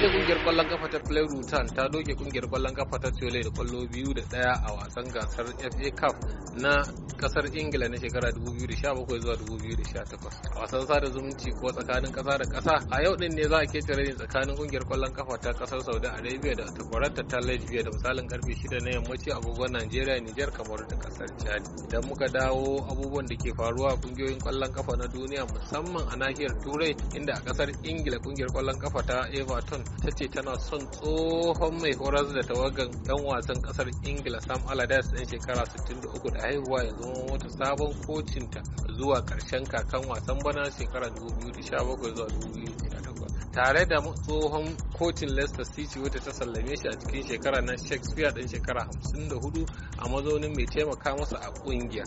jiya kungiyar kwallon kafa ta Play-Rutan ta doke kungiyar kwallon kafa ta Tole da kwallo biyu da daya a wasan gasar FA Cup na kasar Ingila na shekara 2017 zuwa 2018. A wasan sada zumunci ko tsakanin kasa da kasa a yau din ne za a kece rai tsakanin kungiyar kwallon kafa ta kasar Saudi Arabia da takwararta ta lajibiya da misalin karfe 6 na yammaci abubuwan nigeria Nijar, kamar da kasar Chad. Idan muka dawo abubuwan da ke faruwa a kungiyoyin kwallon kafa na duniya musamman a nahiyar Turai inda a kasar Ingila kungiyar kwallon kafa ta Everton ta ce tana son tsohon mai horar da tawagan dan wasan kasar ingila sam allardyce ɗin shekara 63 da haihuwa ya zama wata sabon kocinta zuwa karshen kakan wasan bana shekara 2017 zuwa 2018 tare da tsohon kocin leicester city wata ta sallame shi a cikin shekara na shakespeare ɗan shekara 54 a mazaunin mai taimaka masa a kungiya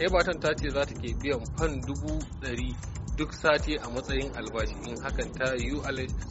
everton ta ce za ta ke biyan fan dubu duk sati a matsayin albashi in hakan ta yiwu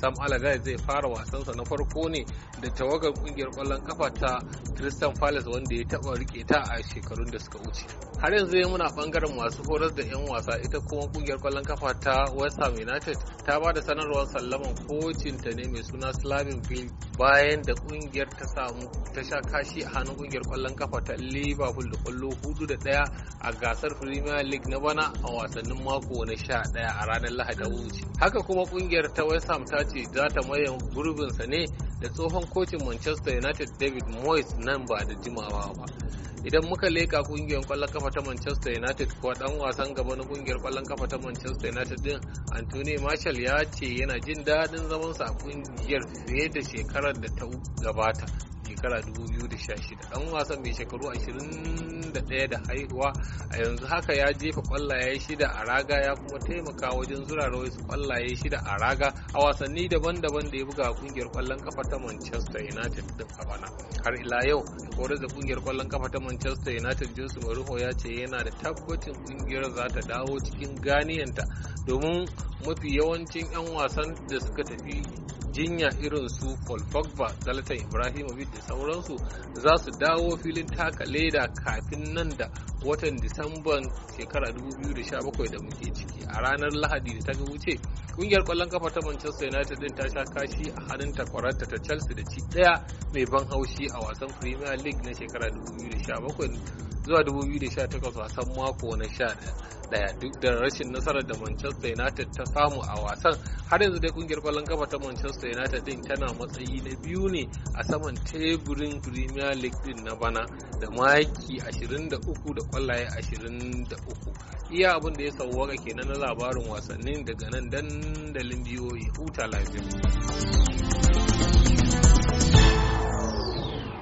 sam alaga zai fara wasansa na farko ne da tawagar kungiyar kwallon kafa ta Crystal Palace wanda ya taba rike ta a shekarun da suka wuce. Har yanzu ya muna bangaren masu horar da 'yan wasa ita kuma kungiyar kwallon kafa ta West Ham United ta ba da sanarwar sallaman kocin ta ne mai suna Slavin Bill bayan da kungiyar ta samu ta sha kashi a hannun kungiyar kwallon kafa ta Liverpool da kwallo hudu da daya a gasar Premier League na bana a wasannin mako na 11. daya a ranar Lahadi Wuce. Haka kuma kungiyar ta West Ham ta ce za ta gurbin gurbinsa ne da tsohon kocin Manchester United David Moyes nan ba da jimawa ba. Idan muka leka kungiyar kwallon kafa ta Manchester United kuwa dan wasan gaba na kungiyar kwallon kafa ta Manchester United din Anthony Marshall ya ce yana jin daɗin zamansa a kungiyar fiye da shekarar da ta gabata. shekara 2016 dan wasan mai shekaru 21 da haihuwa a yanzu haka ya jefa kwallaye shida a raga ya kuma taimaka wajen zurara su kwallaye shida a raga a wasanni daban-daban da ya buga kungiyar kwallon kafa ta Manchester United din a bana har ila yau horar da kungiyar kwallon kafa ta Manchester United Jose Mourinho ya ce yana da tabbacin kungiyar za ta dawo cikin ganiyanta domin mafi yawancin 'yan wasan da suka tafi jinya irin su Paul Pogba, Zalatan Ibrahimovic da sauransu za su dawo filin taka leda kafin nan da watan Disamban shekara 2017 da muke ciki a ranar Lahadi da ta wuce. Kungiyar kwallon kafa ta Manchester United din ta sha kashi a hannun takwararta ta Chelsea da ci daya mai ban haushi a wasan Premier League na shekara 2017 zuwa 2018 wasan mako na 11 duk da rashin nasarar da Manchester United ta samu a wasan har yanzu dai kungiyar kwallon kafa ta Manchester United din tana matsayi na biyu ne a saman teburin Premier League din na bana da maki 23 da kwallaye 23 iya abin da ya sauwaka kenan na labarin wasannin daga nan dandalin biyoyi huta lafiya